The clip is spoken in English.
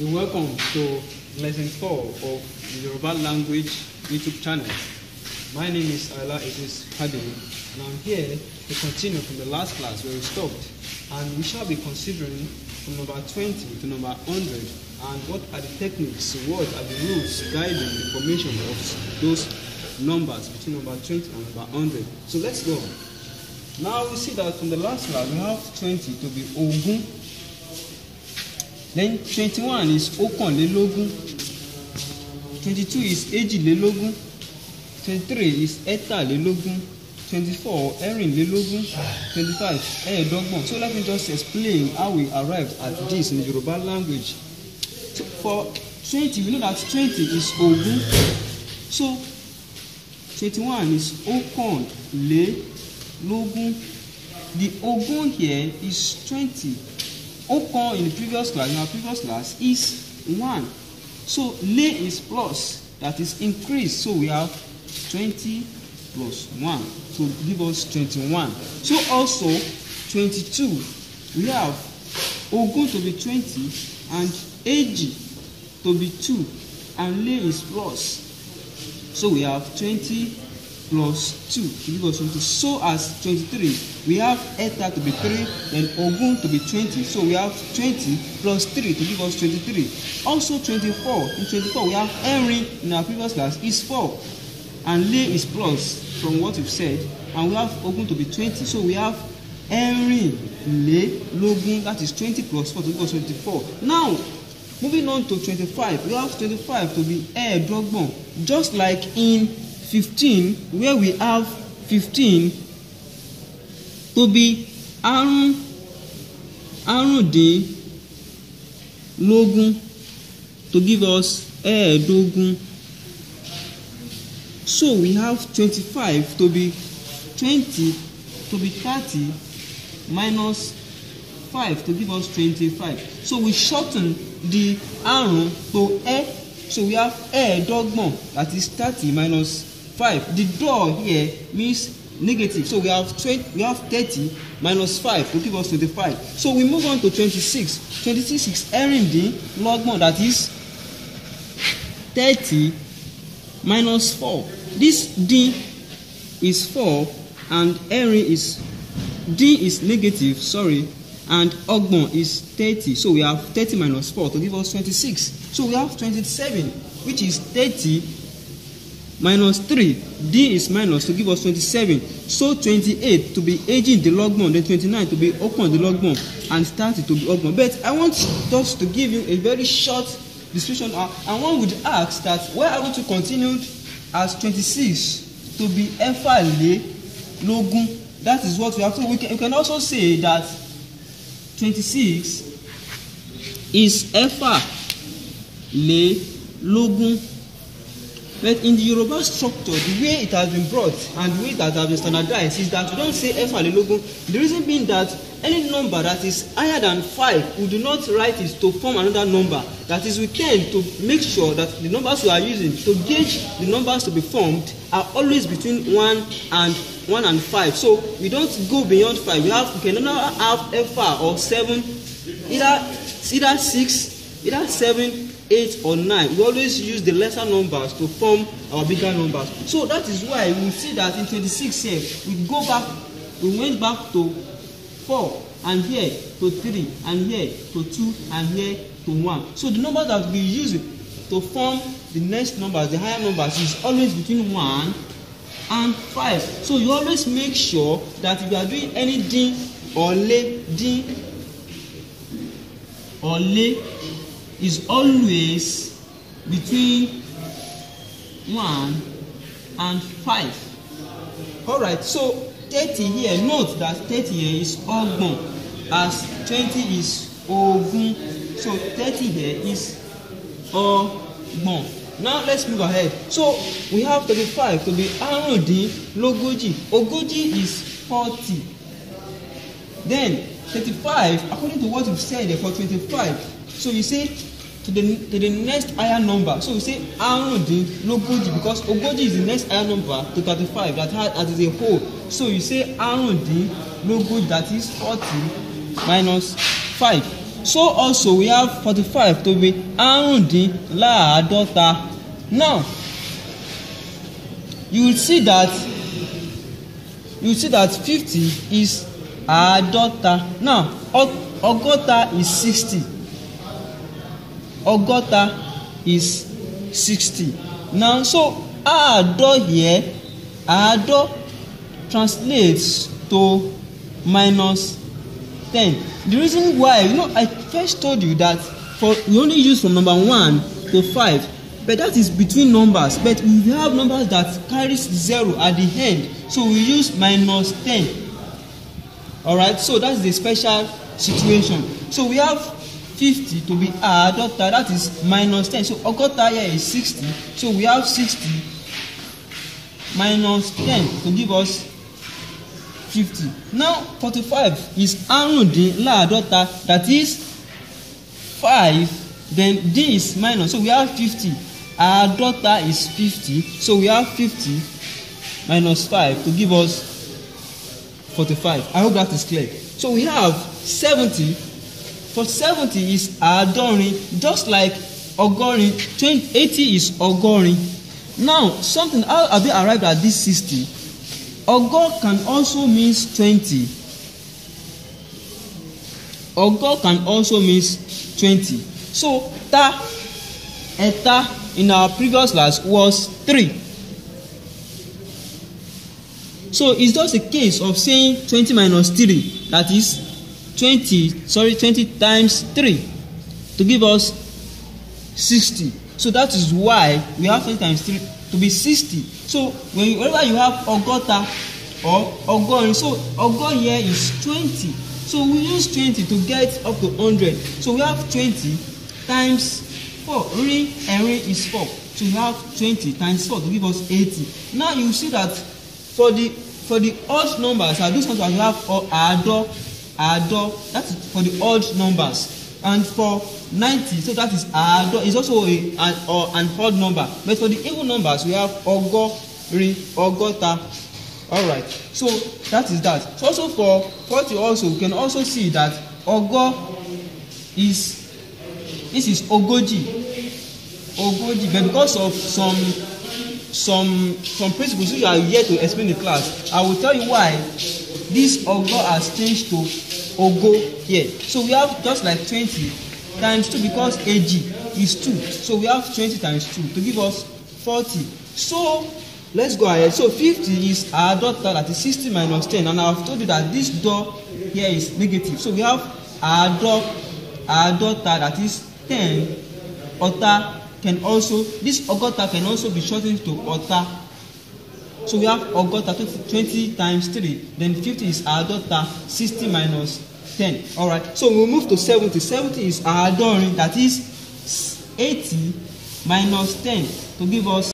You're welcome to lesson 4 of the Yoruba language YouTube channel. My name is Ayla Idris Kadiri and I'm here to continue from the last class where we stopped and we shall be considering from number 20 to number 100 and what are the techniques, what are the rules guiding the formation of those numbers between number 20 and number 100. So let's go. Now we see that from the last class we have 20 to be Ogun then twenty one is ọ̀kànlélógún twenty two is èjìlélógún twenty three is ẹ̀tàlélógún twenty four ẹ̀rìnlélógún twenty five ẹ̀ẹ́dọ́gbọ̀n so let me just explain how we arrived at this in Yoruba language for twenty we know that twenty is ogun. so twenty one is ọ̀kànlélógún the ogun here is twenty. Okon in the previous class, in our previous class, is 1. So le is plus, that is increased. So we have 20 plus 1. to give us 21. So also 22, we have Ogun to be 20 and Eji to be 2 and le is plus. So we have 20 plus two to give us twenty. So as twenty-three, we have eta to be three then ogun to be twenty. So we have twenty plus three to give us twenty-three. Also twenty-four. In twenty-four, we have Henry in our previous class is four, And lay is plus from what we've said. And we have ogun to be twenty. So we have Henry lay logun that is twenty plus four to give us twenty-four. Now, moving on to twenty-five. we have twenty-five to be ẹ̀ẹ́dọ́gbọ̀n just like in fifteen where we have fifteen tó bí àrùn àrùndínlógún to give us ẹ̀ẹ́dógún so we have twenty-five to be twenty to be thirty minus five to give us twenty-five so we shorten the àrùn to e, so we have ẹ̀ẹ́dọ́gbọ̀n that is thirty minus Five. the door here means negative so we have twenty. we have thirty minus five to give us twenty-five. so we move on to twenty-six. 26 26 is erindin logmon that is thirty minus four. this d is four, and erin is d is negative sorry and ọgbọ̀n is thirty so we have thirty minus four to give us twenty-six so we have twenty-seven which is thirty minus three d is minus to give us twenty-seven so twenty-eight to be èjìdínlọ́gbọ̀n then twenty-nine to be ọ̀kàndínlọ́gbọ̀n and thirty to be ọgbọ̀n but i want just to give you a very short description and one would ask that why haven't to continue as twenty-six to be logun. that is what we have to we can, we can also say that twenty-six is logun. But in the Yoruba structure, the way it has been brought and the way that has been standardized is that we don't say Efalelogun. The reason being that any number that is higher than five, we do not write it to form another number. That is, we tend to make sure that the numbers we are using to gauge the numbers to be formed are always between one and one and five. So we don't go beyond five. We have we can now have Efa or seven, either either six, either seven eight or nine we always use the lesser numbers to form our bigger numbers so that is why we see that in twenty-six here we go back we went back to four and here to three and here to two and here to one so the number that we use to form the next numbers the higher numbers is always between one and five so you always make sure that if you are doing any D or le D or le is always between one and five All right. so thirty here note that thirty here is ọgbọ̀n as twenty is ogun. so thirty here is ọgbọ̀n now let's move ahead so we have to be five to be àrùndínlógójì ogójì is forty then thirty-five according to what we've said for twenty-five so you say to the to the next higher number so you say àrùndínlógójì because ogójì is the next higher number to thirty-five that has that is a whole so you say àrùndínlógójì that is forty minus five so also we have forty-five to be àrùndínláàádọ́ta now you will see that you see that fifty is àádọ́ta now ogota is sixty ọgọ́ta is sixty now so àádọ́ here àádọ́ translates to minus ten the reason why you know I first told you that for we only use from number one to five but that is between numbers but we have numbers that carries zero at the end so we use minus ten alright so that's the special situation so we have fifty to be àádọ́ta that is minus ten so ọgọ́ta here is sixty so we have sixty minus ten to give us fifty now forty-five is àrùndínláàádọ́ta that is five then d is minus so we have fifty àádọ́ta is fifty so we have fifty minus five to give us forty-five i hope that is clear so we have seventy for seventy is àádọ́rin just like ọgọ́rin twenty eighty is ọgọ́rin now something how have they arrived at this sixty ọgọ́ can also mean twenty ọgọ́ can also mean twenty so ta ẹ̀ta in our previous class was three so it's just a case of saying twenty minus three that is 20 sorry 20 times 3 to give us 60 so that is why we have 20 times 3 to be 60 so when you, whenever you have ogota or ọgọ́rin so ọgọ́ here is 20 so we use 20 to get up to 100 so we have 20 times 4 rin ẹ̀rin is 4 so we have 20 times 4 to give us 80 now you see that for the for the odd numbers i do something i have àádọ́. Ado. that is for the odd numbers and for ninety so that is Ado. is also a an or an odd number but for the even numbers we have ọgọ́rin ọgọ́ta alright so that is that so also for forty also we can also see that ọgọ́ is this is ogójì ogójì but because of some some some principles which are yet to explain in class I will tell you why this ogo has changed to ogo here so we have just like twenty times two because ag is two so we have twenty times two to give us forty so let's go ahead so fifty is our daughter that is sixty minus ten and i have told you that this door here is negative so we have our door our daughter that is ten ọ̀tá can also this ọgọ́ta can also be shortened to ọ̀tá So we have ọgọ́ta twenty times three then fifty is àádọ́ta sixty minus ten alright so we move to seventy seventy is àádọ́rin that is eighty minus ten to give us.